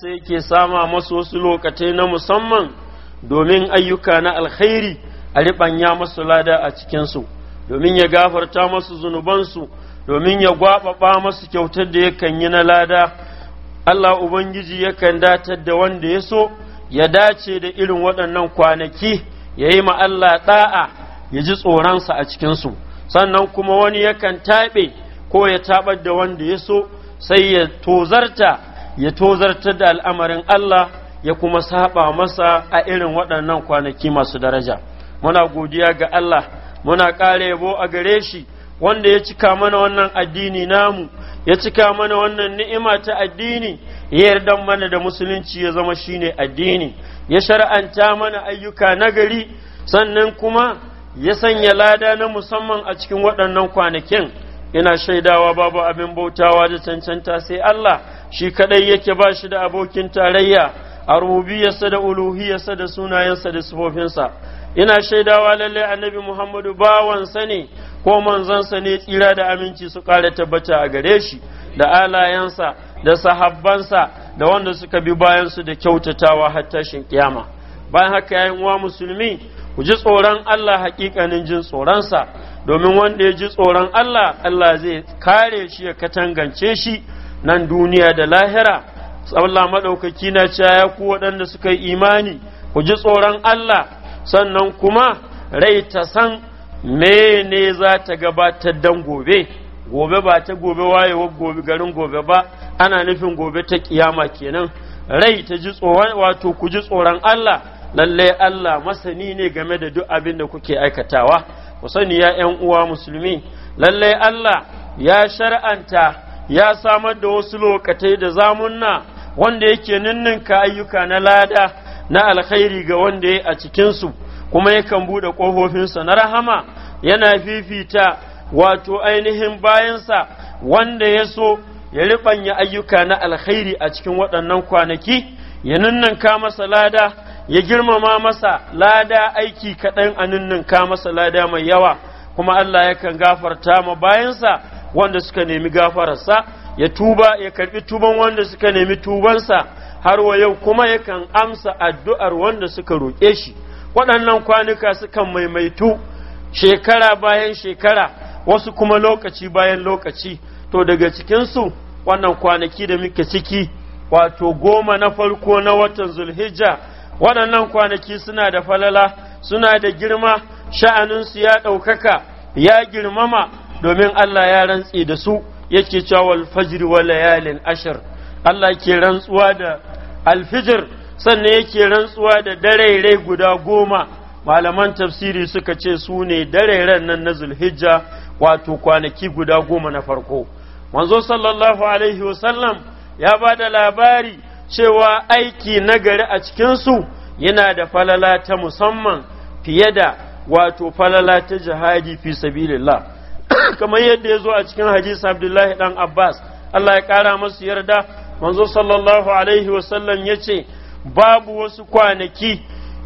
sai yake sama masu wasu lokacin na musamman domin ayyuka na alkhairi a riɓanya masu lada a cikinsu domin ya gafarta masu zunubansu domin ya gwaɓaɓa masu kyautar da yakan yi na lada Allah Ubangiji yakan datar da wanda ya so ya dace da irin waɗannan kwanaki ya yi Allah ɗa'a ya ji tsoronsa a cikinsu sannan kuma wani yakan taɓe ko ya taɓar da wanda ya so sai ya tozarta ya tozartar da al'amarin Allah ya kuma saba masa a irin waɗannan kwanaki masu daraja muna godiya ga Allah muna ƙara yabo a gare shi wanda ya cika mana wannan addini namu ya cika mana wannan ni'ima ta addini ya yarda mana da musulunci ya zama shine addini ya shara'anta mana ayyuka nagari sannan kuma ya sanya lada na musamman a cikin waɗannan kwanakin ina shaidawa babu abin bautawa da cancanta sai Allah shi kadai yake ba shi da abokin tarayya a rububiyarsa da uluhiyarsa da sunayensa da sifofinsa ina shaidawa lalle annabi Muhammadu bawansa ne ko manzansa ne tsira da aminci su ƙara tabbata a gare shi da alayensa da sahabbansa da wanda suka bi bayansu da kyautatawa har tashin kiyama bayan haka yayin uwa musulmi ku ji tsoron Allah hakikanin jin tsoronsa domin wanda ya ji tsoron Allah Allah zai kare shi ya katangance shi nan duniya da lahira Allah maɗaukaki na cewa ku waɗanda suka yi imani ku ji tsoron Allah sannan kuma rai ta san mene za ta gabatar dan gobe gobe ba ta gobe wayewar gobe garin gobe ba ana nufin gobe ta kiyama kenan rai ta ji tsoron wato ku ji tsoron Allah lallai Allah masani ne game da duk abin da kuke aikatawa ku sani ya ƴan uwa musulmi lallai Allah ya shar'anta ya samar da wasu lokatai da zamunna wanda yake ninninka ayyuka na lada na alkhairi ga wanda ya a cikinsu kuma yakan buɗe ƙofofinsa na rahama yana fifita wato ainihin bayansa wanda ya so ya riɓanya ayyuka na alkhairi a cikin waɗannan kwanaki ya ninninka masa lada ya girmama masa lada aiki kaɗan a ninninka masa lada mai yawa kuma Allah yakan gafarta ma bayansa wanda suka nemi gafararsa ya tuba ya karbi tuban wanda suka nemi tubansa har wa yau kuma yakan amsa addu'ar wanda suka roƙe shi waɗannan kwanuka sukan maimaitu shekara bayan shekara wasu kuma lokaci bayan lokaci to daga cikinsu wannan kwanaki da muke ciki wato goma na farko na watan zulhijja waɗannan kwanaki suna da falala suna da girma sha'aninsu ya ɗaukaka ya girmama domin Allah ya rantse da su yake cewa wal fajr wa layalin ashir Allah ke rantsuwa da alfijir sannan yake rantsuwa da darairai guda goma malaman tafsiri suka ce su ne darairan nan na zulhijja wato kwanaki guda goma na farko manzo sallallahu alaihi wasallam ya ba da labari cewa aiki na gari a cikinsu yana da falala ta musamman fiye da wato falala ta jihadi fi sabilillah kamar yadda ya zo a cikin hadisi abdullahi dan abbas allah ya kara masu yarda manzo sallallahu alaihi wasallam ya ce babu wasu kwanaki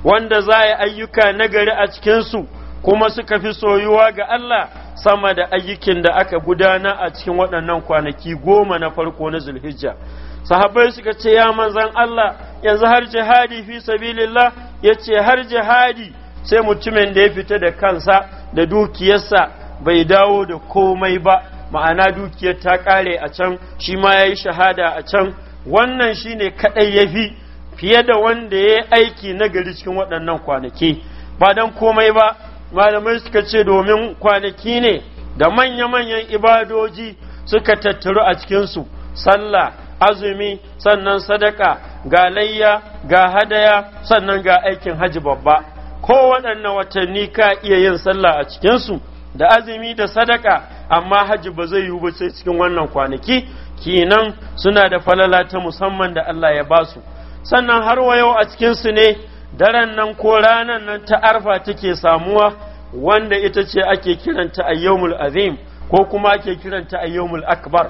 wanda za a yi ayyuka nagari a cikinsu kuma suka fi soyuwa ga allah sama da ayyukin da aka gudana a cikin waɗannan kwanaki goma na farko na zulhijja sahabbai suka ce ya manzan allah yanzu har jihadi fi sabilillah ya ce har jihadi sai mutumin da ya fita da kansa da dukiyarsa bai dawo da komai ba ma'ana dukiyar ta kare a can shi ma ya yi shahada a can wannan shi ne kaɗai ya fi fiye da wanda ya yi aiki nagari cikin waɗannan kwanaki ba don komai ba malamai suka ce domin kwanaki ne da manya-manyan ibadoji suka tattaru a cikinsu sallah azumi sannan sadaka ga layya ga hadaya sannan ga aikin hajji babba ko waɗannan watanni ka iya yin sallah a cikinsu da azumi da sadaka amma hajji ba zai yiwu ba sai cikin wannan kwanaki kinan suna da falala ta musamman da Allah ya ba su sannan har wa yau a cikin su ne daren nan ko ranan nan ta arfa take samuwa wanda ita ce ake kiranta ayyamul azim ko kuma ake kiranta ayyamul akbar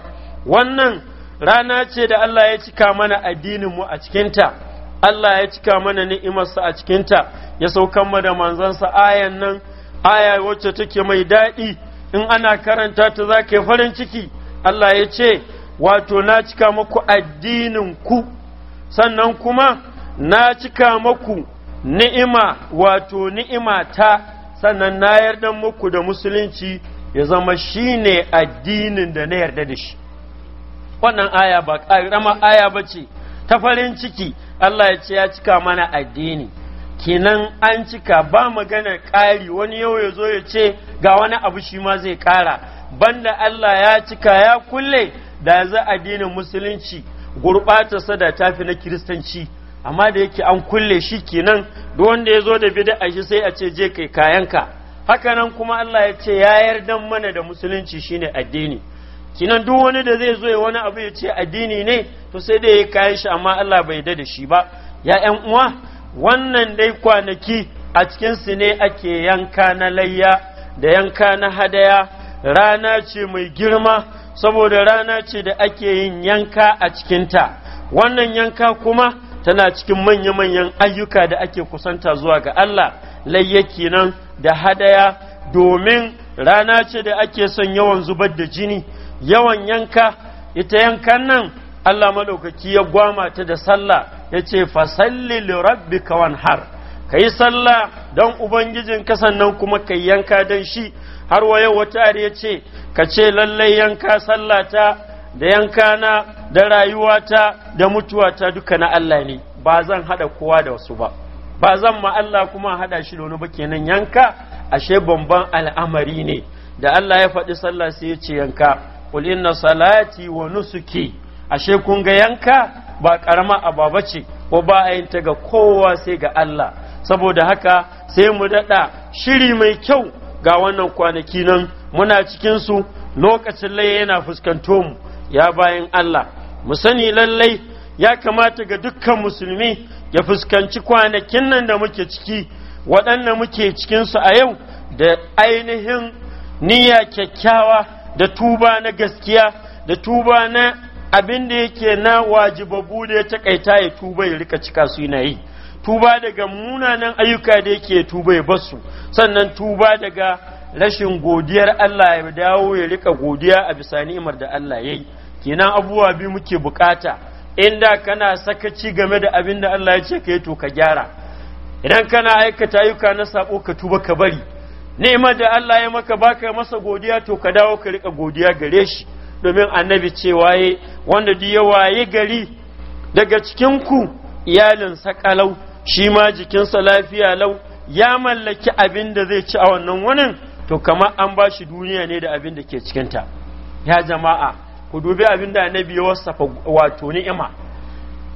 wannan rana ce da Allah ya cika mana addinin mu a cikinta Allah ya cika mana ni'imarsa a cikinta ya saukan da manzansa ayan nan aya wacce take mai daɗi in ana karanta ta za ka yi farin ciki Allah ya ce wato na cika muku addinin ku sannan kuma na cika muku ni'ima wato ni'ima ta sannan na yarda muku da musulunci ya zama shine addinin da na yarda da shi wannan aya ba ƙarama aya ba ce ta farin ciki Allah ya ce ya cika mana addini kenan an cika ba magana ƙari wani yau ya zo ya ce ga wani abu shi ma zai ƙara banda Allah ya cika ya kulle da za addinin musulunci sada da tafi na kiristanci amma da yake an kulle shi kenan duk wanda ya zo da bid'a shi sai a ce je kai kayanka hakanan kuma Allah ya ce ya yarda mana da musulunci shine addini kinan duk wani da zai zo ya wani abu ya ce addini ne to sai da ya kayan shi amma Allah bai da da shi ba ya ƴan uwa wannan dai kwanaki a cikinsu ne ake yanka na layya da yanka na hadaya rana ce mai girma saboda rana ce da ake yin yanka a cikinta wannan yanka kuma tana cikin manya-manyan ayyuka da ake kusanta zuwa ga Allah layyaki nan da hadaya domin rana ce da ake son yawan zubar da jini yawan yanka ita yankan nan Allah madaukaki ya gwama ta da sallah ya ce fasalli li har wanhar kai sallah don ubangijin ka sannan kuma kai yanka don shi har wa yau wata ya ce ka ce lallai yanka sallah ta da yanka na da rayuwa ta da mutuwa ta duka na Allah ne ba zan haɗa kowa da wasu ba ba zan ma Allah kuma haɗa shi da wani ba kenan yanka ashe bamban al'amari ne da Allah ya faɗi sallah sai ya ce yanka qul inna salati wa nusuki ashe kun ga yanka ba karama ababa ce ko ba a ta ga kowa sai ga Allah saboda haka sai mu daɗa shiri mai kyau ga wannan kwanaki nan muna cikin su lokacin laye yana fuskanto mu ya bayan Allah mu sani lallai ya kamata ga dukkan musulmi ya fuskanci kwanakin nan da muke ciki waɗannan muke cikin su a yau da ainihin niyya kyakkyawa da tuba na gaskiya da tuba na abin da yake na wajibabu da ya takaita ya tuba ya rika cika su yana yi tuba daga munanan ayyuka da yake tuba ya basu sannan tuba daga rashin godiyar Allah ya dawo ya rika godiya a bisa ni'imar da Allah ya yi kenan abubuwa biyu muke bukata inda kana sakaci game da abin da Allah ya ce ka yi to ka gyara idan kana aikata ayyuka na sabo ka tuba ka bari ni'imar da Allah ya maka baka masa godiya to ka dawo ka rika godiya gare shi domin annabi ce waye wanda duk ya waye gari daga cikin ku iyalinsa kalau shi ma jikinsa lafiya lau ya mallaki abin da zai ci a wannan wunin to kamar an ba shi duniya ne da abin da ke cikinta ya jama'a ku dubi abin da annabi ya wasafa wato ni'ima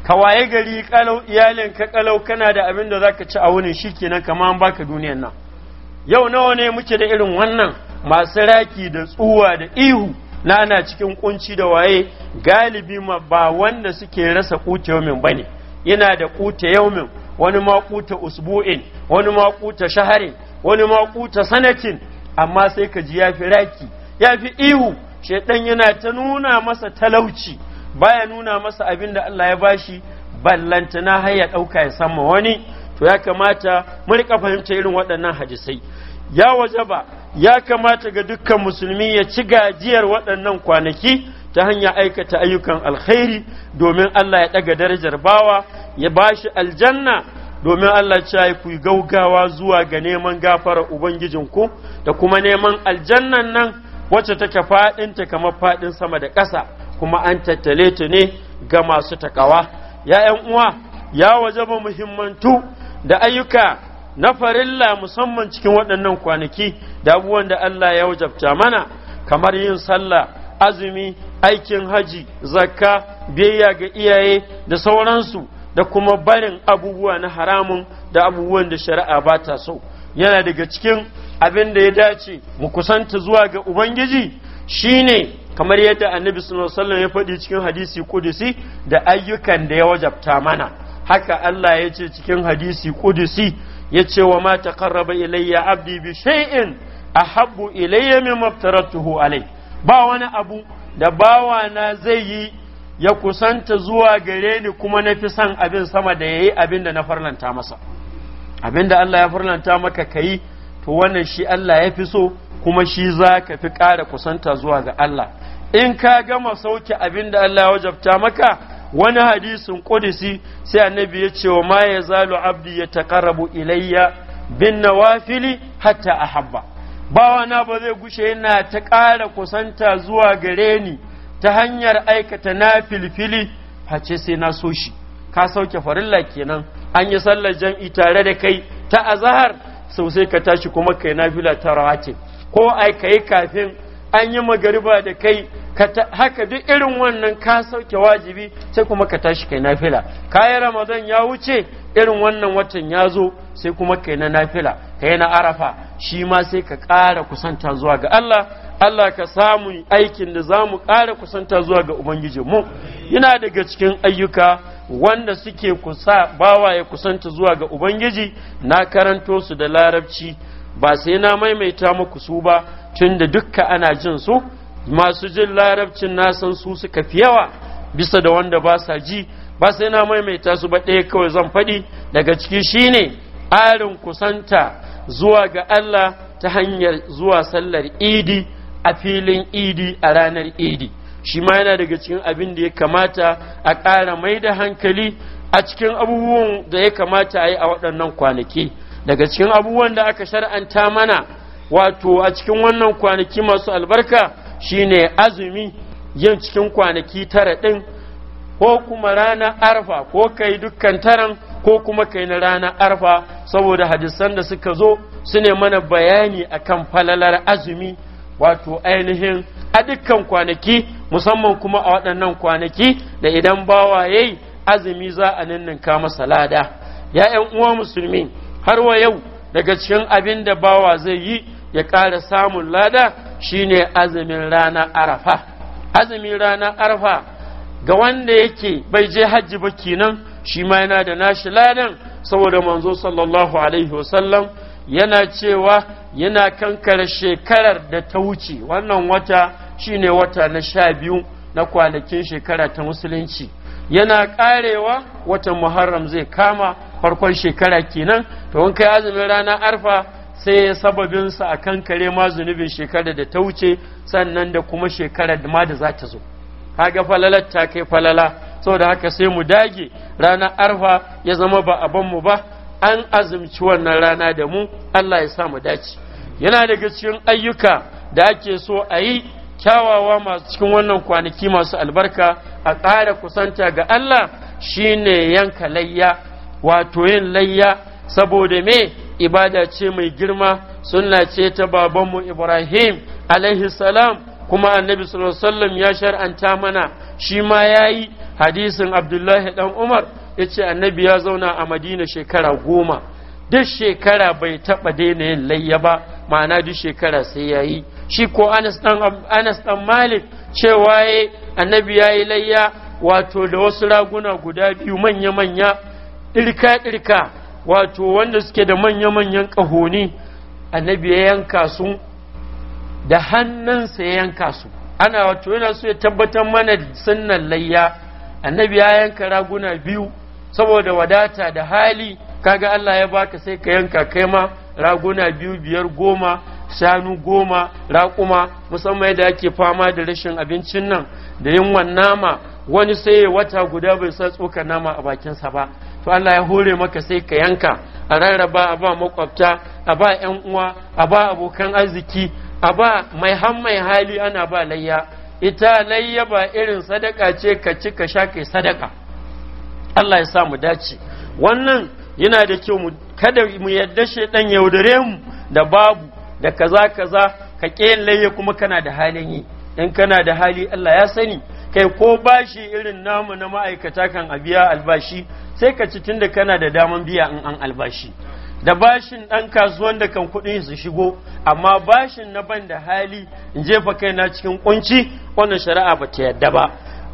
ka waye gari kalau iyalin ka kalau kana da abin da zaka ci a wurin shikenan kamar an baka duniyan nan yau nawa ne muke da irin wannan masu raki da tsuwa da ihu na ana cikin kunci da waye galibi ma ba wanda suke rasa kuta yaumin ba ne yana da kuta yaumin wani ma kuta usbu'in wani ma kuta shaharin wani ma kuta sanatin amma sai ka ji ya raki yafi ihu shedan yana ta nuna masa talauci baya nuna masa abin da Allah ya bashi ballanta har ya ɗauka ya sama wani to ya kamata mu rika fahimta irin waɗannan hadisai ya wajaba ya kamata ga dukkan musulmi ya ci gajiyar waɗannan kwanaki ta hanyar aikata ayyukan alkhairi domin Allah ya ɗaga darajar bawa ya ba shi aljanna domin Allah ya ku gaugawa zuwa ga neman gafara Ubangijinku da kuma neman aljannan nan wacce take faɗinta kamar faɗin sama da ƙasa kuma an tattale ta ne ga masu takawa ya uwa ya wajaba muhimmantu da ayyuka na farilla musamman cikin waɗannan kwanaki da abubuwan da Allah ya wajabta mana kamar yin sallah azumi aikin haji zakka biyayya ga iyaye da sauransu da kuma barin abubuwa na haramun da abubuwan da shari'a ba ta so yana daga cikin abin da ya dace mu kusanta zuwa ga ubangiji shine kamar yadda annabi sallallahu alaihi ya faɗi cikin hadisi kudusi da ayyukan da ya wajabta mana haka Allah ya ce cikin hadisi kudusi Ya ce wa ma taqarraba ilayya abdi bi shay'in ahabbu ilayya mimma aftaratuhu alai ba wani abu da bawa na zai yi ya kusanta zuwa gare ni kuma na fi son abin sama da yayi abin da na farlanta masa abin da Allah ya farlanta maka kayi to wannan shi Allah ya fi so kuma shi za ka fi ƙara kusanta zuwa ga Allah in ka gama sauke abin da Allah ya wajabta maka wani hadisin kudisi sai annabi ya ce wa ma Zalu abdi ya yataqarrabu ilayya bin nawafili hatta ahabba bawana ba zai gushe yana ta ƙara kusanta zuwa gare ni ta hanyar aikata na filfili face sai na so shi ka sauke farilla kenan an yi sallar jam'i tare da kai ta azahar sosai ka tashi kuma kai na fila ta rawatin ko ai kai kafin an yi magariba da kai haka duk irin wannan ka sauke wajibi sai kuma ka tashi kai nafila kayan ramadan ya wuce irin wannan watan ya zo sai kuma kai na nafila kai na arafa shi ma sai ka ƙara kusanta zuwa ga Allah Allah ka samu aikin da za mu ƙara kusanta zuwa ga Ubangijinmu yana daga cikin ayyuka wanda suke kusa bawa ya kusanta zuwa ga Ubangiji na karanto su da larabci ba sai na maimaita muku su ba tunda dukka ana jin su masu jin larabcin nasan su suka fi yawa bisa da wanda ba sa ji ba sai na maimaita su ba ɗaya kawai zan faɗi daga ciki shine ƙarin kusanta zuwa ga Allah ta hanyar zuwa sallar idi a filin idi a ranar idi shi ma yana daga cikin abin da ya kamata a ƙara mai da hankali a cikin abubuwan da ya kamata a yi a waɗannan kwanaki daga cikin abubuwan da aka shar'anta mana wato a cikin wannan kwanaki masu albarka shine azumi yin cikin kwanaki tara ɗin ko kuma rana arfa ko kai dukkan taran ko kuma kai na rana arfa saboda hadisan da suka zo su ne mana bayani a kan falalar azumi wato ainihin a dukkan kwanaki musamman kuma a waɗannan kwanaki da idan bawa yayi azumi za a ninninka masa lada ya uwa musulmi har wa yau daga cikin abin da bawa zai yi ya ƙara samun lada shine azumin rana arafa azumin rana arafa ga wanda yake bai je hajji ba kenan shi ma yana da nashi ladan saboda manzo sallallahu alaihi wasallam yana cewa yana kankare shekarar da ta wuce wannan wata shine wata na sha biyu na kwanakin shekara ta musulunci yana karewa watan muharram zai kama farkon shekara kenan to in kai azumin rana arfa sai ya sababinsa a kan kare ma zunubin shekarar da ta wuce sannan da kuma shekarar ma da za ta zo kaga falalar ta kai falala saboda haka sai mu dage ranar arfa ya zama ba a mu ba an azumci wannan rana da mu Allah ya sa mu dace yana daga cikin ayyuka da ake so a yi kyawawa masu cikin wannan kwanaki masu albarka a ƙara kusanta ga Allah shine yanka layya wato yin layya saboda me ibada ce mai girma sunna ce ta babanmu ibrahim alaihi salam kuma annabi sallallahu ya shar'anta mana shi ma yayi hadisin abdullahi dan umar ya ce annabi ya zauna a madina shekara goma duk shekara bai taɓa daina yin layya ba ma'ana duk shekara sai yayi shi ko anas dan malik cewa ya annabi ya yi layya wato da wasu raguna guda biyu manya-manya ɗirka-ɗirka wato wanda suke da manya-manyan ƙahoni annabi ya yanka su da hannunsa ya yanka su ana wato yana so ya tabbatar mana sunnan layya annabi ya yanka raguna biyu saboda wadata da hali kaga Allah ya baka sai ka yanka kai ma raguna biyu biyar goma shanu goma raƙuma musamman yadda ake fama da rashin abincin nan da yunwan nama wani sai wata guda bai sa tsoka nama a bakinsa ba to Allah ya hore maka sai ka yanka a rarraba a ba makwabta a ba yan uwa a ba abokan arziki a ba mai han mai hali ana ba layya ita layya ba irin sadaka ce ka ci ka sha kai sadaka Allah ya sa mu dace wannan yana da kyau mu kada mu yadda shaidan yaudare mu da babu da kaza kaza ka ƙi layya kuma kana da halin yi in kana da hali Allah ya sani kai ko bashi irin namu na ma'aikata kan a biya albashi sai ka ci tunda kana da daman biya in an albashi da bashin ɗan kasuwan da kan kuɗin su shigo amma bashin na ban da hali in jefa kaina cikin kunci wannan shari'a ba ta yadda ba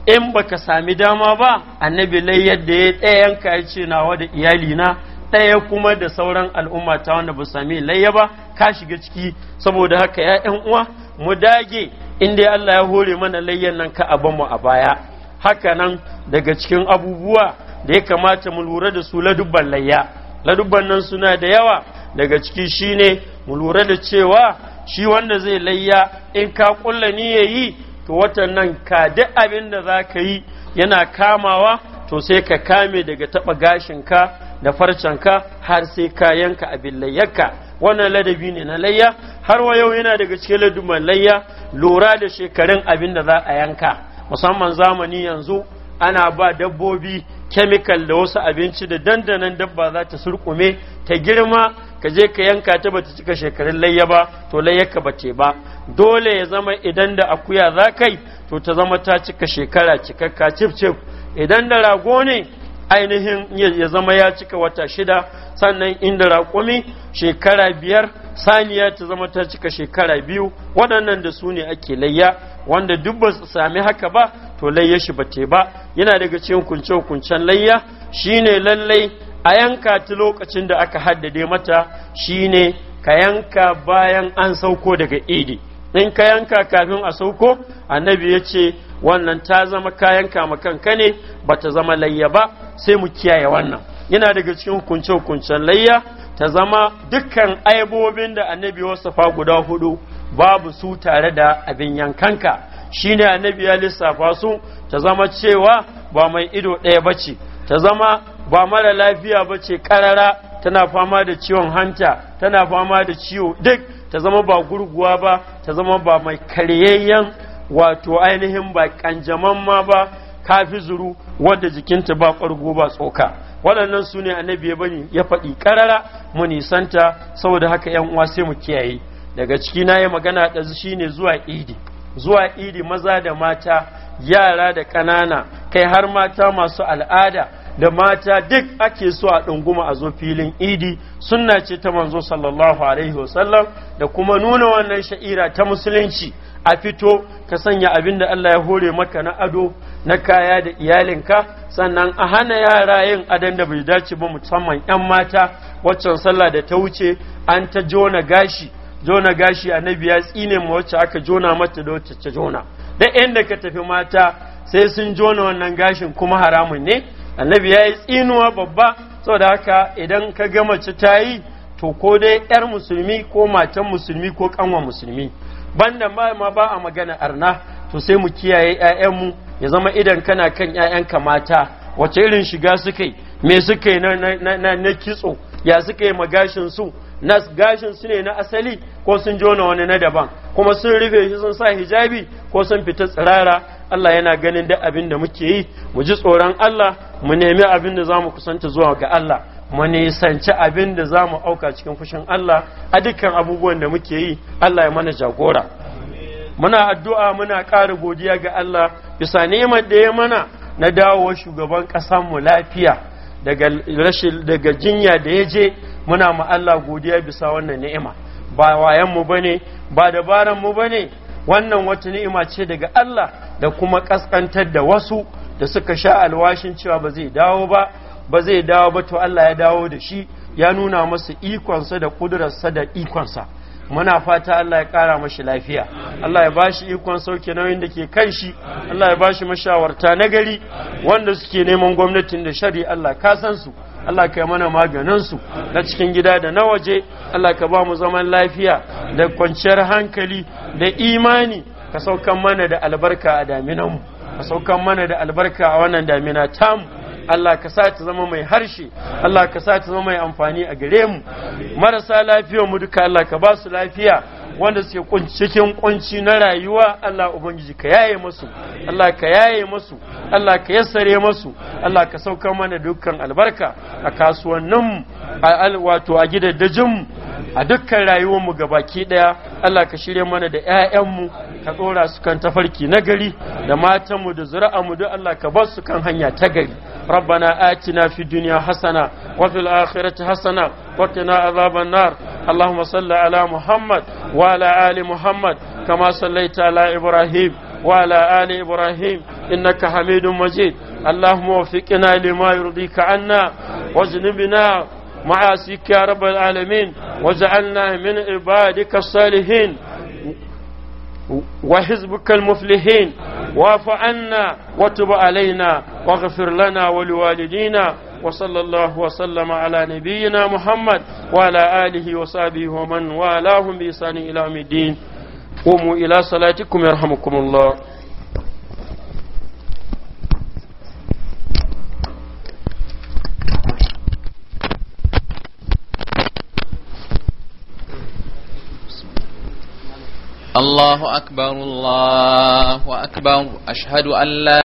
in baka sami dama ba annabi lai yadda ya ɗaya yanka ya ce nawa da iyali na ɗaya kuma da sauran al'umma ta wanda ba sami layya ba ka shiga ciki saboda haka ya'yan uwa mu dage in dai Allah ya hore mana layyan nan ka a mu a baya haka nan daga cikin abubuwa da ya kamata mu lura da su ladubban layya ladubban nan suna da yawa daga ciki shine mu lura da cewa shi wanda zai layya in ka kulla ni yayi to watan nan ka duk abin da za ka yi yana kamawa to sai ka kame daga taɓa ka. da farcenka har sai ka yanka abin layyaka. wannan ladabi ne na layya har wa yau yana daga cikin ladubin layya lura da shekarun abin da za a yanka musamman zamani yanzu ana ba dabbobi kemikal da wasu abinci da dandanan dabba za ta surkume ta girma ka je ka yanka ta bata cika shekarun layya ba to layyaka ba ce ba dole ya zama idan da akuya za kai to ta zama ta cika shekara cikakka cif cif idan da rago ne ainihin ya zama ya cika wata shida sannan inda raƙumi shekara biyar saniya ta zama ta cika shekara biyu waɗannan da su ne ake layya wanda duk ba su sami haka ba to layya shi ba te ba yana daga cikin kunce kuncen layya shine lallai a yanka ta lokacin da aka haddade mata shine ka yanka bayan an sauko daga idi in ka yanka kafin a sauko annabi ya ce wannan ta zama kayan kama kanka ne ba ta zama layya ba sai mu kiyaye wannan yana daga cikin hukunce hukuncen layya ta zama dukkan aibobin da annabi wasafa guda hudu babu su tare da abin yankanka shine annabi ya lissafa su ta zama cewa ba mai ido ɗaya ba ce ta zama ba mara lafiya ba ce karara tana fama da ciwon hanta tana fama da ciwo duk ta zama ba gurguwa ba ta zama ba mai karyayyen wato ainihin ba kanjaman ma ba kafi zuru wadda jikinta ba ƙwargo ba tsoka waɗannan su ne annabi ya bani ya faɗi ƙarara mu nisanta saboda haka yan uwa sai mu kiyaye daga ciki na yi magana da ne zuwa idi zuwa idi maza da mata yara da ƙanana kai har mata masu al'ada da mata duk ake so a ɗunguma a zo filin idi sunna ce ta manzo sallallahu alaihi wasallam da kuma nuna wannan sha'ira ta musulunci a fito ka sanya abin da Allah ya hore maka na ado na kaya da iyalinka sannan a hana yara yin adon da bai dace ba musamman 'yan mata waccan sallah da ta wuce an ta jona gashi jona gashi annabi ya tsine mu wacce aka jona mata da wacce ta jona da da ka tafi mata sai sun jona wannan gashin kuma haramun ne annabi ya yi tsinuwa babba saboda haka idan ka ga mace ta yi to ko dai 'yar musulmi ko matan musulmi ko kanwa musulmi banda ma ma ba a magana arna to sai mu kiyaye ƴaƴanmu ya zama idan kana kan ƴaƴanka mata wace irin shiga suka yi me suka yi na kitso ya suka yi magashin su na gashin su ne na asali ko sun jona wani na daban kuma sun rufe shi sun sa hijabi ko sun fita tsirara Allah yana ganin da abin da muke yi mu ji tsoron Allah mu nemi abin da za mu kusanta zuwa ga Allah mu nisanci abin da za mu auka cikin fushin Allah a dukkan abubuwan da muke yi Allah ya mana jagora muna addu'a muna ƙara godiya ga Allah bisa neman da ya mana na dawowa shugaban mu lafiya daga jinya da ya je muna ma Allah godiya bisa wannan ni'ima ba wayan mu ne, ba dabaran mu ne. wannan wata ni'ima ce daga Allah da kuma ƙasƙantar da wasu da suka sha alwashin cewa ba zai dawo ba ba zai dawo ba to Allah ya dawo da shi ya nuna masa ikonsa da kudurarsa da ikonsa muna fata Allah ya kara mashi lafiya Allah ya bashi ikon sauke nauyin da ke kan shi Allah ya bashi mashawarta na gari wanda suke neman gwamnatin da shari Allah ka san su Allah ka mana maganin su na cikin gida da na waje Allah ka ba mu zaman lafiya da kwanciyar hankali da imani ka saukan mana da albarka a daminan mu ka saukan mana da albarka a wannan damina tamu Allah ka sa ta zama mai harshe Allah ka sa ta zama mai amfani a gare mu marasa lafiyar mu duka Allah ka ba su lafiya wanda suke cikin kunci na rayuwa Allah ubangiji ka yaye musu Allah ka yaye musu Allah ka yassare musu Allah ka sauka mana dukkan albarka a kasuwannin wato a gidaddajin a dukkan rayuwarmu ga baki daya Allah ka shirye mana da 'ya'yanmu ka tsora su kan tafarki na gari da matanmu da mu duk Allah ka bar su kan hanya ta gari ربنا آتنا في الدنيا حسنة وفي الآخرة حسنة وقنا عذاب النار اللهم صل على محمد وعلى آل محمد كما صليت على إبراهيم وعلى آل إبراهيم إنك حميد مجيد اللهم وفقنا لما يرضيك عنا واجنبنا معاصيك يا رب العالمين وجعلنا من عبادك الصالحين وحزبك المفلحين واعف عنا وتب علينا واغفر لنا ولوالدينا وصلى الله وسلم على نبينا محمد وعلى آله وصحبه ومن والاهم بإحسان إلى يوم الدين قوموا إلى صلاتكم يرحمكم الله الله أكبر الله أكبر أشهد أن لا